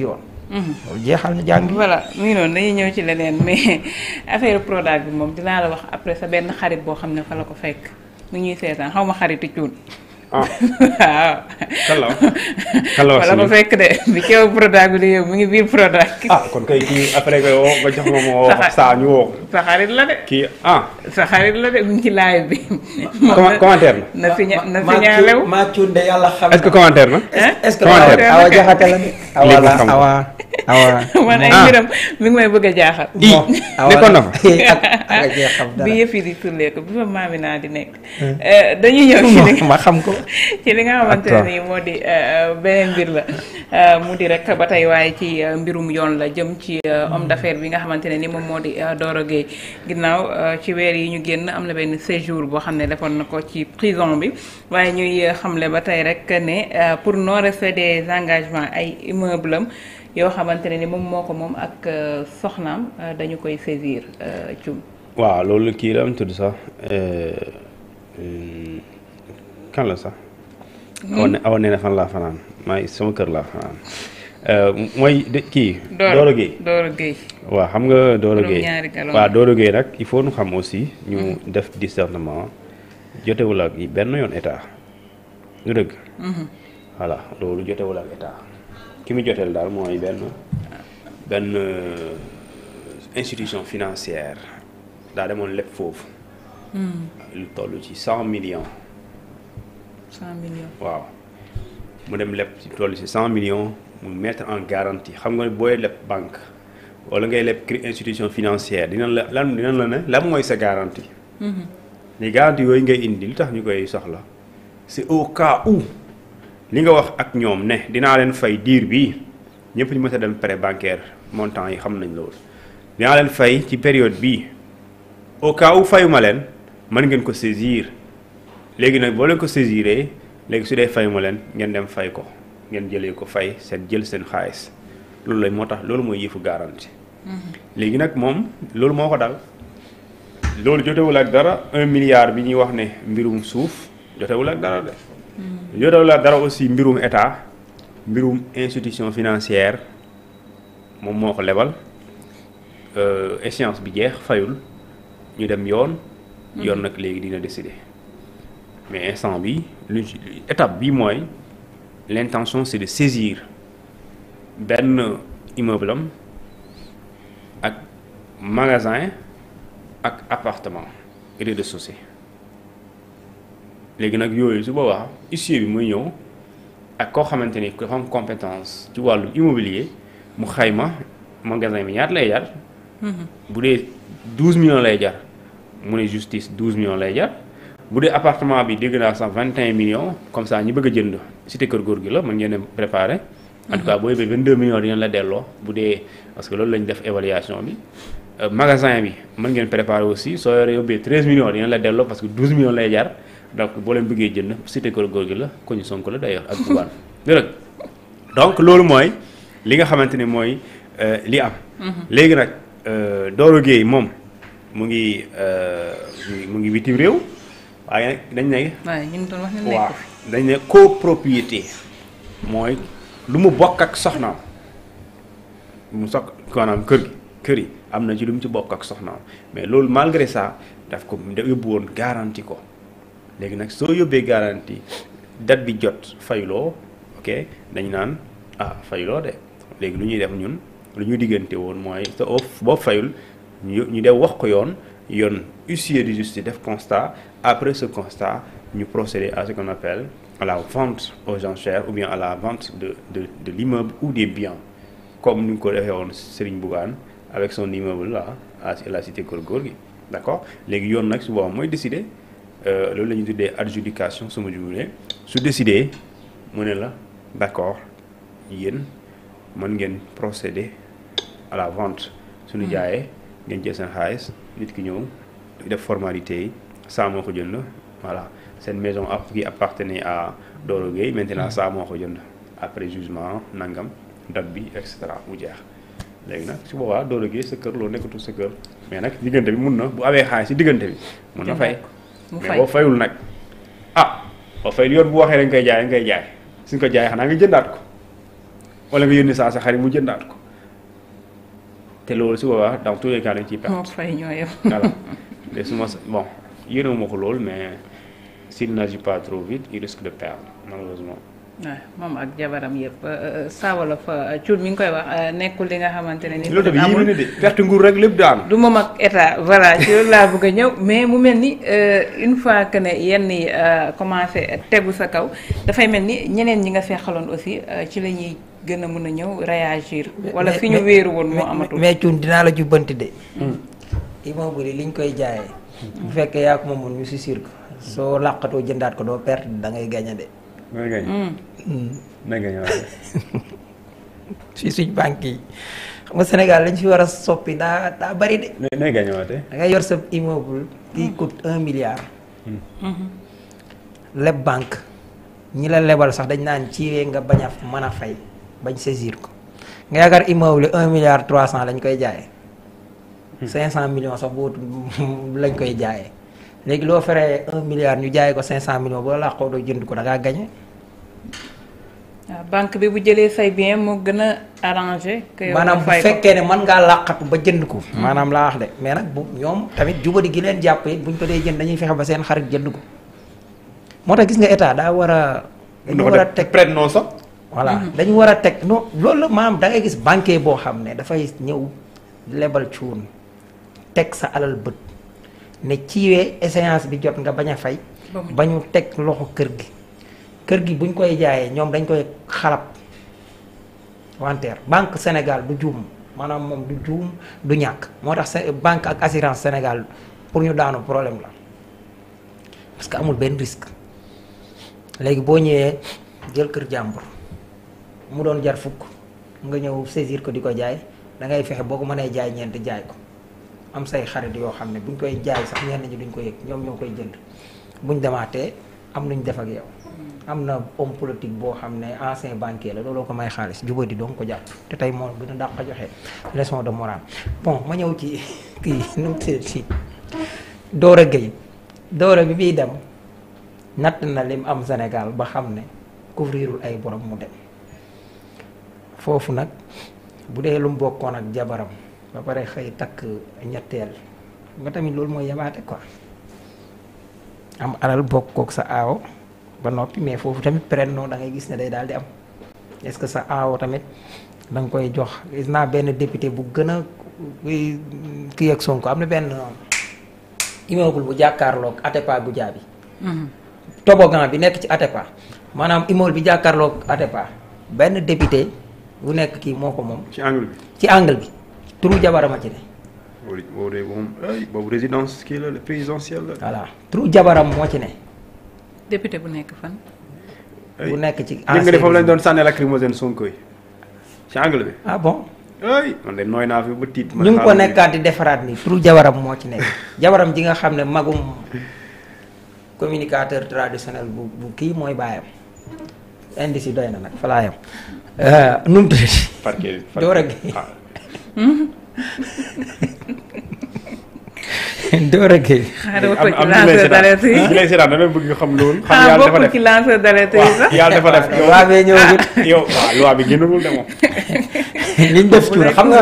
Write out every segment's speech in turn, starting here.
yoon mhm. jeexal na jàng voilà mu ngi noonu dañuy ñëw ci leneen mais affaire Prodac bi moom dinaa la wax après sa benn xarit boo xam ne fa la ko fekk mu ñuy seetaan xaw ma xaritu cuun ah waaw. kalaw kalaw wala ma fekk de bi kew Prodac bi di yow mu ngi biir Prodac. ah kon kay sa xarit la de. kii ah. sa xarit la de mu ngi ci bi. commentaire na na siña na siñaalew. maa de yàlla xam est-ce que commentaire na. est-ce que commentaire awa jaxate la a jaaxal. na di turlee ko bi fa maami naa di nekk. dañuy ñëw ci ma xam ko. ci li nga xamante ne nii moo di euh, beneen mbir la euh, mu di rek ba tey waaye ci euh, mbirum yoon la jëm ci homme d'affaires bi nga xamante ne ni moom moo di Doro Gueye ginnaaw ci weer yi ñu génn am na benn séjour boo xam ne defoon na ko ci prison bi waaye ñuy xamle ba tey rek ne pour non respect des engagements ay immeuble yoo xamante ne ni moom moo ko moom ak soxnaam dañu koy saisir cum waaw loolu kii la am tudd sax kan la sax. Hmm? awa ne awa fan laa fanaan maa ngi kër laa fanaan euh, mooy kii. Doro Gueye Doro xam nga Doro Gueye waaw Doro Gueye nag il faut ñu xam aussi. ñu hmm. def discernement jotewul ak benn yoon état lu dëgg. Hmm. voilà loolu jotewul ak état ki mu joteel daal mooy benn benn euh, institution financière daa demoon lépp foofu. lu toll ci cent million waaw mu dem leb ci toll ci 100 million mu mettre en garantie xam nga booy lepp banque wala ngay leb institution financière dina la lan dinañ la ne lan mooy sa garantie. ni mhm. garantie yooyu ngay indi lu tax ñu koy soxla c'est au cas li nga wax ak ñoom ne dinaa leen fay diir bi ñëpp ñu mës a dem prêt bancaire montant yi xam nañ loolu dinaa leen fay ci période bii au cas où fayuma leen mën ngeen ko saisir. léegi nag boo leen ko saisiree léegi su dee fay ma leen ngeen dem fay ko ngeen jëlee ko fay seen jël seen xaalis loolu la moo tax loolu mooy yëfu garantie. Mhm. léegi nag moom loolu moo ko dal loolu jotewul ak dara un milliard bi ñuy wax ne mbirum suuf jotewul ak dara de. Mhm. jotewul ak dara aussi mbirum état mbirum institution financière moom moo ko lebal euh, échéance bi jeex fayul ñu dem yoon. Mhm. yoon nag léegi dina décider. mais instant bi étape bi mooy l'intention c'est de saisir benn immeuble am ak magasin ak appartement rez-de-chaussée léegi nag yooyu su boobaa huissier bi muy ñëw ak koo xamante ni dafa am compétence ci wàllu immobilier mu xayma magasin bi ñaata lay jar mhm. bu dee douze millions lay jar mu ne justice douze millions lay jar bu dee appartement bi dégg naa cent vingt et un millions comme ça ñi bëgg jënd cité kër góor gi la mën ngeen a préparé. en tout cas boo yóbbee vingt deux millions dinañ la delloo bu dee parce que loolu lañu def évaluation bi. Euh, magasin bi mën ngeen préparer aussi soo yoree yóbbee treize millions dinañ la delloo parce que douze millions lay jar donc boo leen bëggee jënd cité kër góor gi la ko ñu Sonko la d'ailleurs ak Bougane dëgg donc loolu mooy li nga xamante ne mooy euh, li am. Mhm. léegi nag euh, Doro Gueye moom mu ngi mu ngi bitim waaye nag dañ ne. waaye ñu doon wax ne nekk waaw dañ mooy lu mu bokk ak soxnaam mu sox konam kër gi kër yi am na ci lu mu ci bokk ak soxnaam mais loolu malgré ça daf ko yóbbu woon garanti ko léegi nag soo yóbbee garanti date bi jot fayloo ok dañ naan ah fayloo de léegi lu ñuy def ñun lu ñu diggante woon mooy sa boo fayul ñu ñu def wax ko yoon. yoon huissier de justice def constat après ce constat ñu procéder à ce qu'on appelle à la vente aux enchères ou bien à la vente de de de l'immeuble ou des biens comme ni ñu ko defee woon Serigne Bougane avec son immeuble là à la cité Keur Gorgui d'accord léegi yoon nag su boobaa mooy décider euh, loolu lañuy tuddee adjudication su ma jubalee su décider mu ne la d'accord yéen mën ngeen procéder à la su suñu hmm. jaayee. ngeen jël seen xaalis nit ki ñëw def formalité yi saa moo ko jënd voilà seen maison a qui appartenait à Doro Gueye maintenant mm. saa moo ko jënd après jugement nangam date bi et cetera mu jeex léegi nag su boobaa Doro Gueye sa kër loolu nekkatul sa kër mais nag diggante bi mun na bu amee xaalis si diggante bi mun na fay mais boo fayul nag ah boo fayul yoon bu waxee dañ koy jaay ngay jaay suñ ko jaay xanaa nga jëndaat ko wala nga yónni saa sa xarit mu jëndaat ko te loolu si boobaa dans tous les cas dañ ciy perte. moo fay ñoo yem. voilà te mais s'il n'agit de perdre moom ak jabaram yëpp saawala fa cuur mi ngi koy wax euh, nekkul li nga xamante ne ni. loolu tamit yéeme perte nguur rek lépp daanu. du ma mag état voilà ci loolu laa bëgg a ñëw mais mu mel ni euh, une fois que ne yenn yi euh, commencé tegu sa kaw dafay mel ni ñeneen ñi nga feexaloon aussi ci la ñuy. gën a mën a ñëw réagir. wala fi ñu wéeru woon moo amatul. mais cuun dinaa la jubbant de. Hmm. immobilier liñ koy jaayee. bu fekkee yaa ko moomoon ñu si ko soo làqatoo jëndaat ko doo perte da ngay gañe de. da ngay hmm. Hmm. banque yi xam nga Sénégal lañ fi war a soppi daa daa bari de. da yor sa immeuble. kii coûte un milliard. leb banque ñi la lebal sax dañ naan ciwee nga bañ man a fay. bañ saisir ko nga yaakaar immeuble un milliard trois cent lañ koy jaayee. Hmm. cinq cent millions sax boobu lañ koy jaayee léegi loo feree un milliard ñu jaayee ko cinq cent millions boo laa xaw doo jënd ko da ngaa gañe banque bi bu jëlee fay bien moo gën a arrangé. maanaam bu fekkee ne man ngaa làqatu ba jënd ko. Hmm. maanaam laa wax de mais nag bu ñoom tamit jubadi gi leen jàpp it buñ ko dee jënd dañuy fexe ba seen xarit jënd ko moo tax gis nga état daa war a. dañu war a teg prête voilà mhm. dañu war a teg non loolu la maam da gis banquier boo xam ne dafay ñëw lebal cuun teg sa alal bët ne ciwee échéance bi jot nga bañ a fay bañu teg loxo kër gi kër gi buñ koy jaayee ñoom dañ koy xalab wanteer banque Sénégal du juum maanaam moom du juum du ñàkk moo tax banque ak assurance Sénégal pour ñu daanu problème la parce que amul benn risque léegi boo ñëwee jël kër jàmbur mu doon jar fukk nga ñëw saisir ko di ko jaay da ngay fexe boo ko mënee jaay ñeent jaay ko am say xarit yoo xam ne buñ koy jaay sax ñenn ñi duñ ko yëg ñoom ñoo koy jënd buñ demaatee am luñ def ak am na homme politique boo xam ne ancien banquier la looloo ko may xaalis juba di doon ko jàpp tey moo gën a dàq joxe leçon de morale bon ma ñëw ci kii nu mu tëddee ci Dora Gueye bi muy dem natt na lim am Sénégal ba xam ne couvrirul ay borom mu dem. foofu nag bu dee lu mu bokkoon ak jabaram ba pare xëy takk ñetteel nga tamit loolu mooy yabaate quoi am alal bokkook sa aawo ba noppi mais foofu tamit prénom da ngay gis ne day daal di am est-ce que sa aawo tamit da koy jox gis naa benn député bu gën a kii ak Sonko am na benn immeuble bu jàkkaarlook Atepa Goudiaby mhm. tobogan bi nekk ci Atepa maanaam immeuble bi jàkkaarlook Atepa benn député bu nekk kii moo ko moom. ci angle bi ci angle bi turu jabarama ci ne. boobu résidence kii la présidentielle la. voilà turu jabaram moo ci ne. député bu nekk fan. bu nekk ci en. foofu lañ doon sànni lacrymogène Sonko yi ci angle bi. ah bon. ay man de nooy naa fi ba tiit. ñu ngi nekkaat di defaraat ni turu jabaram moo ci nekk jabaram ji nga xam ne magum communicateur traditionnel bu kii mooy baayam indice yi doy na nag fa laa yem eh, nu mu tuddati. parquet door ak Dora Gueye. xaaral ma ko ci am na xam loolu. xam yàlla dafa def ci lanceur d'alerte yi sax. yàlla dafa def loi bee ñëwagul. yow waaw loi bi gënalul de moom. liñ def cuun xam nga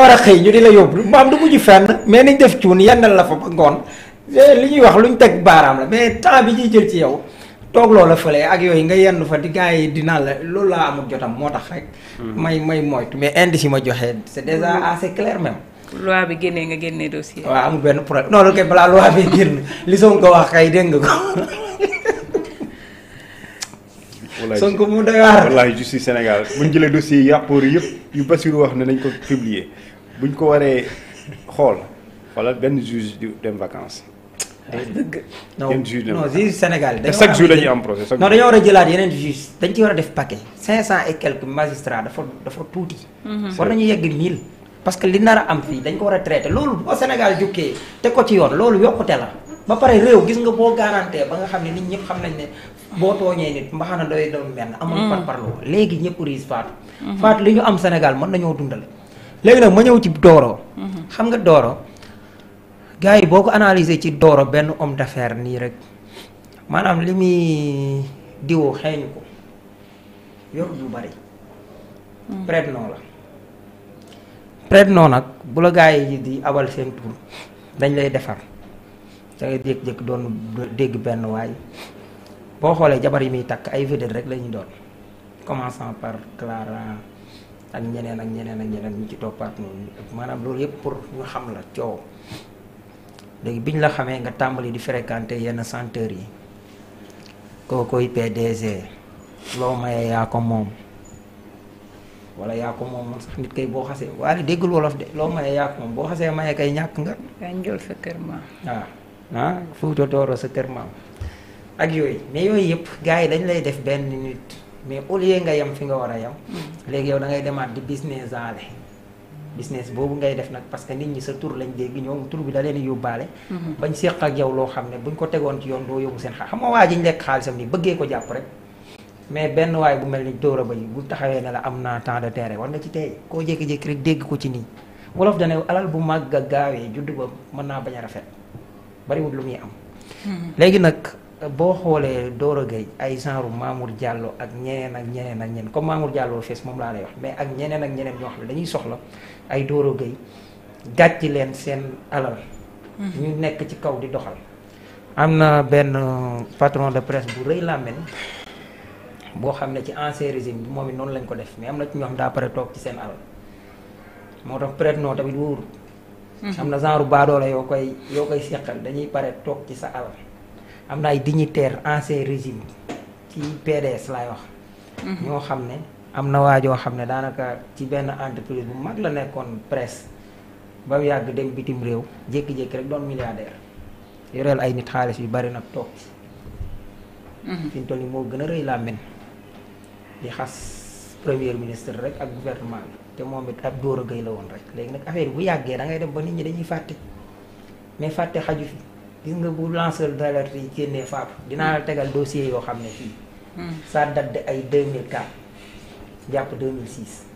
war a xëy ñu di la yóbbu maam du mujj fenn. mais niñ def cuun yendal la fa ba ngoon eh, li ñuy wax luñ teg baaraam la mais temps bi ñuy jël ci yow. toog loola fële ak yooyu nga yenn fa di gars yi dinaa la loolu laa amul jotam moo tax rek. Hmm. may may moytu mais indi si ma joxe c'est déjà hmm. assez clair même. loi bi génnee nga génnee dossier. waaw amul benn problème non loolu kay balaa loi bi génn li Sonko ko wax kay dégg nga ko. Sonko mu doy waar. wallaahi justice Sénégal bu ñu jëlee dossier yàppoor yëpp yu Bassirou wax ne nañ ko publier bu ñu ko waree xool xoolal benn juge di dem vacance. dëgg non non juge Sénégal. te chaque jour dañuy am procès non dañoo war a jëlaat yeneen juge dañ ci war a def paquet cinq cent et quelques magistrats dafa dafa tuuti. Mhm. war nañu yegg mille. parce que li nar a am fii dañ ko war a traité loolu boo Sénégal jukkee te ko ci yoon loolu yokkute la ba pare réew gis nga boo garanté ba nga xam ne nit ñëpp xam nañ ne boo tooñee nit mbaxana doy doon benn amul mhm. par parloo léegi ñëpp riis faatu mhm. faatu li ñu am Sénégal mën nañoo dundal léegi nag ma ñëw ci dooro xam nga Doro gars yi boo ko analyser ci dooro benn homme d'affaires nii rek maanaam li muy diwoo xeeñu ko yorut lu bari hmm. prête non la prête non nag bu la gars yi di abal seen tur dañ lay defar da ngay jékki-jékki doon dégg benn waay boo xoolee jabar yi muy takk ay vedette rek la ñuy doon commençant par Clara ak ñeneen ak ñeneen ak ñeneen ñu ci toppaat noonu maanaam loolu yëpp pour ñu xam la coow léegi bi ñu la xamee nga tàmbali di fréquenter yenn centres yi koo kookoy PDG loo mayee yaa ko moom wala yaa ko moom man sax nit kay boo xasee waaye déggul wolof de loo mayee yaa ko moom boo xasee mayee kay ñàkk nga. yaa njool sa kër maam. waaw ah, Fuuta Tooro sa kër maam ak yooyu mais yooyu yëpp gars yi dañ lay def benn nit mais au lieu nga yem fi nga war a yem. Mm. léegi yow da ngay demaat di business aale. business boobu ngay def nag parce que nit ñi sa tur lañ dégg ñoom tur bi da leen yóbbaale mhm. bañ séq ak yow loo xam ne buñ ko tegoon ci yoon doo yóbbu seen xaalis xam nga lekk xaalisam ni bëggee ko jàpp rek mais benn waay bu mel ni Dora Bay bu taxawee ne la am naa temps de terrain war nga ci tey koo jékki-jékki rek dégg ko ci nii wolof dana alal bu màgg a gaawee judd ba mën naa bañ a rafet bariwul lu muy am mhm. léegi nag boo xoolee Doro géey ay genre Mamour jàlloo ak ñeneen ak ñeneen ak ñeneen comme Mamour jàlloo fees moom laa lay wax mais ak ñeneen ak ñeneen ñoo xam ne dañuy soxla ay Doro Gueye gàcc leen seen alal. Hmm. ñu nekk ci kaw di doxal. am na benn patron de presse bu rëy làmmiñ boo xam ne ci ancien régime bi moom it noonu lañ ko def mais am na ci ñoo xam daa pare toog ci seen alal moo tax peut-être non tamit wóorul. Hmm. am na genre baadoola yoo koy yoo koy seqal dañuy pare toog ci sa alal. am na ay dignitaire ancien régime ci PDS laay wax. Mhm. ñoo xam ne am na waajoo xam ne daanaka ci benn entreprise bu mag la nekkoon presse ba mu yàgg dem bitim réew jékki-jékki rek doon milliardaire yoreel ay nit xaalis yu bari nag toog. Mhm. fi mu toll moo gën a rëy làmmiñ di xas premier ministre rek ak gouvernement bi te moom it ab dóor a gay la woon rek léegi nag affaire bu yàggee da ngay dem ba nit ñi dañuy fàtte mais fàtte xaju fi. gis nga bu lanceur d'alerte yi génnee faatu dinaa la tegal dossier yoo xam ne fii. Hmm. ça date de ay 2004 jàpp 2006.